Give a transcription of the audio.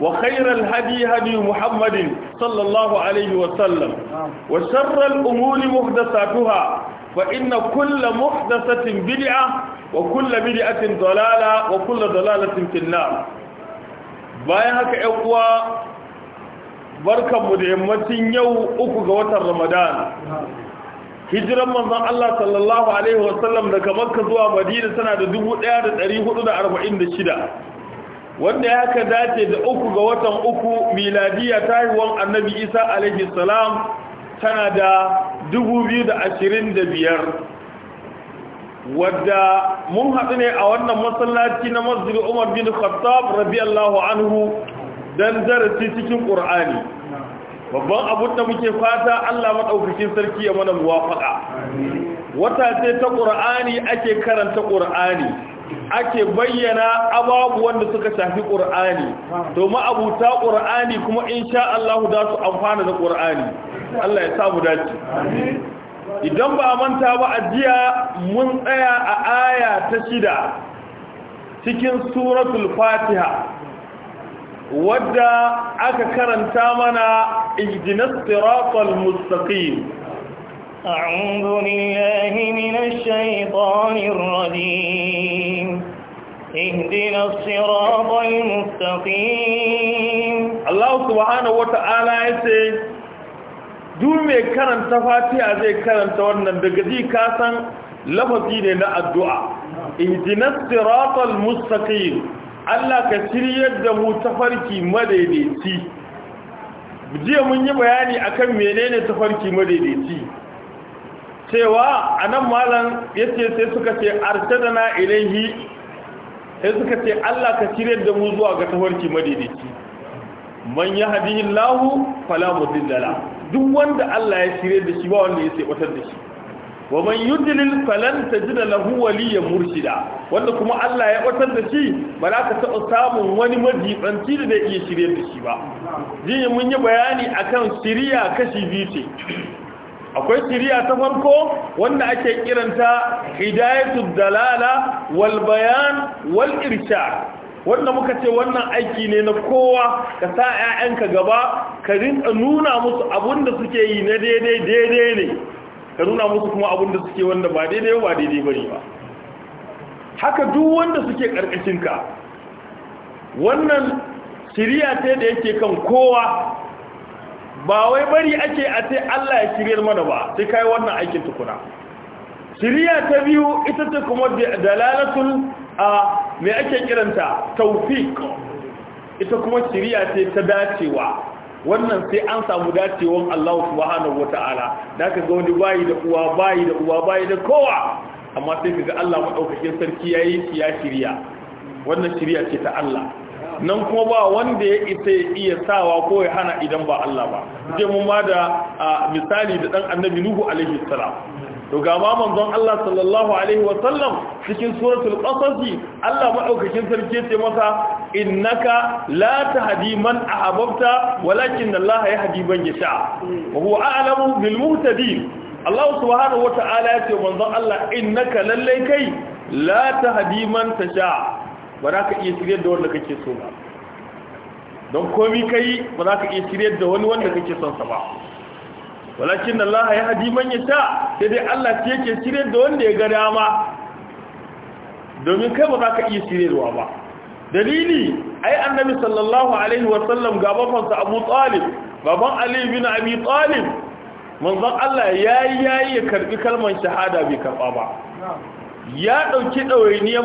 وخير الهدي هدي محمد صلى الله عليه وسلم وشر الأمور محدثاتها فإن كل محدثة بدعة وكل بدعة ضلالة وكل ضلالة في النار bayan haka ‘yan uwa barkanmu da yammacin yau uku ga watan ramadan hijiran manzon Allah sallallahu Alaihi wasallam daga makka zuwa madina tana da 1446 wanda ya ka dace da uku ga watan uku miladiya ta annabi isa alaihi salam tana da 2025 wadda mun haɗu ne a wannan masallaci na masjidi umar bin khattab radiyallahu anhu don darasi cikin ƙur'ani babban abin da muke fata allah maɗaukakin sarki ya mana muwafaƙa wata ce ta ƙur'ani ake karanta ƙur'ani ake bayyana ababu wanda suka shafi ƙur'ani domin abuta ƙur'ani kuma insha Allah za su amfana da ƙur'ani Allah ya samu dace idan ba a manta ba a jiya mun tsaya a aya ta shida cikin suratul fatiha wadda aka karanta mana ihdinas siratal mustaqim الرقيم الله سبحانه وتعالى يسي duk mai karanta fatiha zai karanta wannan daga ji ka san ne na addu'a ihdinas siratal mustaqim Allah ka shiryar da mu tafarki madaidaici jiya mun yi bayani akan menene tafarki madaidaici cewa anan malam yace sai suka ce arsadana ilaihi sai suka ce Allah ka cire da mu zuwa ga tafarki madaidaici man yahdihillahu fala mudilla duk wanda Allah ya cire da shi ba wanda ya tsebatar da shi wa man yudlil falan tajid lahu waliyan murshida wanda kuma Allah ya batar da shi ba za ka taɓa samun wani majibanci da zai iya shirye da shi ba jiya mun yi bayani akan shiriya kashi biyu ce akwai shiriya ta farko wanda ake kiranta hidayatud dalala wal bayan wal irshad wanda muka ce wannan aiki ne na kowa ka sa 'ya'yanka gaba ka rinka nuna musu abinda suke yi na daidai daidai ne ka nuna musu kuma abinda suke wanda ba daidai ba daidai bane ba haka duk wanda suke karkashinka wannan shiriya ce da yake kan kowa ba wai bari ake a ce Allah ya shiryar mana ba sai kai wannan aikin tukuna shiriya ta biyu ita ta kuma dalalatul a me ake kiranta tawfiq ita kuma shiriya ce ta dacewa wannan sai an samu dacewan Allah subhanahu wataala da ka ga wani bayi da uwa bayi da uwa bayi da kowa amma sai ka ga Allah madaukakin sarki yayi shi ya shiriya wannan shiriya ce ta Allah nan kuma ba wanda ya isa iya sawa ko ya hana idan ba Allah ba je mun ma da misali da dan annabi nuhu alaihi salam to ga ma manzon Allah sallallahu alaihi wa sallam cikin suratul qasas Allah madaukakin sarki ce masa innaka la tahdi man ahbabta walakin Allah yahdi man yasha wa huwa a'lamu bil muhtadin Allah subhanahu wa ta'ala ya ce manzon Allah innaka lallai kai la tahdi man tasha ba za ka iya shiryar da wanda kake so ba don komi ka yi ba za ka iya shiryar da wani wanda kake son sa ba walakin Allah ya haji man ya sha sai dai Allah ce yake shiryar da wanda ya ga dama domin kai ba za ka iya shiryarwa ba dalili ai annabi sallallahu alaihi wasallam ga bafansa abu talib baban ali bin abi talib manzon Allah ya yi ya karbi kalmar shahada bai karba ba ya dauki ɗawainiyar